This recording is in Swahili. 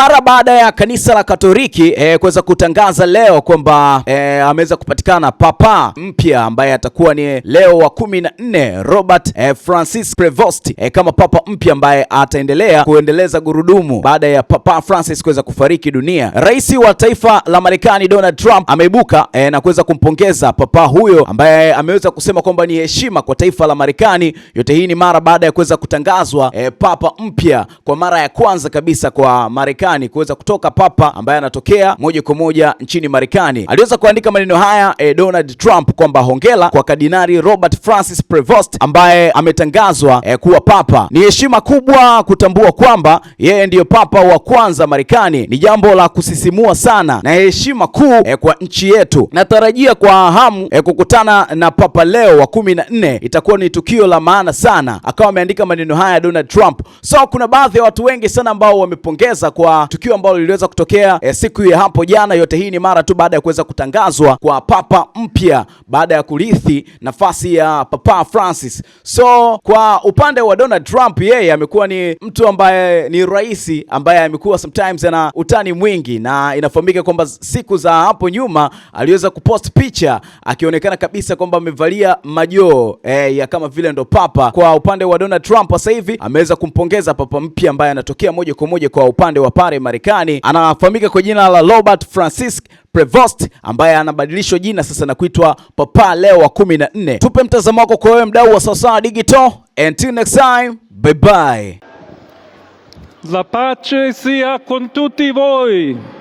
mara baada ya kanisa la Katoliki e, kuweza kutangaza leo kwamba e, ameweza kupatikana papa mpya ambaye atakuwa ni Leo wa kumi na nne Robert e, Francis Prevost e, kama papa mpya ambaye ataendelea kuendeleza gurudumu baada ya Papa Francis kuweza kufariki dunia. Rais wa taifa la Marekani Donald Trump ameibuka e, na kuweza kumpongeza papa huyo ambaye ameweza kusema kwamba ni heshima kwa taifa la Marekani. Yote hii ni mara baada ya kuweza kutangazwa e, papa mpya kwa mara ya kwanza kabisa kwa Marekani Marekani kuweza kutoka papa ambaye anatokea moja kwa moja nchini Marekani. Aliweza kuandika maneno haya eh, Donald Trump kwamba hongela kwa Kardinali Robert Francis Prevost ambaye ametangazwa eh, kuwa papa. Ni heshima kubwa kutambua kwamba yeye ndiyo papa wa kwanza Marekani. Ni jambo la kusisimua sana na heshima kuu eh, kwa nchi yetu. Natarajia kwa hamu eh, kukutana na Papa Leo wa kumi na nne. Itakuwa ni tukio la maana sana. Akawa ameandika maneno haya Donald Trump. So kuna baadhi ya watu wengi sana ambao wamepongeza kwa tukio ambalo liliweza kutokea e, siku ya hapo jana. Yote hii ni mara tu baada ya kuweza kutangazwa kwa papa mpya baada ya kurithi nafasi ya Papa Francis. So kwa upande wa Donald Trump, yeye amekuwa ni mtu ambaye ni rais ambaye amekuwa sometimes ana utani mwingi, na inafahamika kwamba siku za hapo nyuma aliweza kupost picha akionekana kabisa kwamba amevalia majoo e, ya kama vile ndo papa. Kwa upande wa Donald Trump sasa hivi ameweza kumpongeza papa mpya ambaye anatokea moja kwa moja kwa upande wa Marekani Marekani, anafahamika kwa jina la Robert Francis Prevost ambaye anabadilishwa jina sasa na kuitwa Papa Leo wa 14. Tupe mtazamo wako kwa wewe mdau wa Sawasawa Digital. Until next time, bye bye. La pace sia con tutti voi.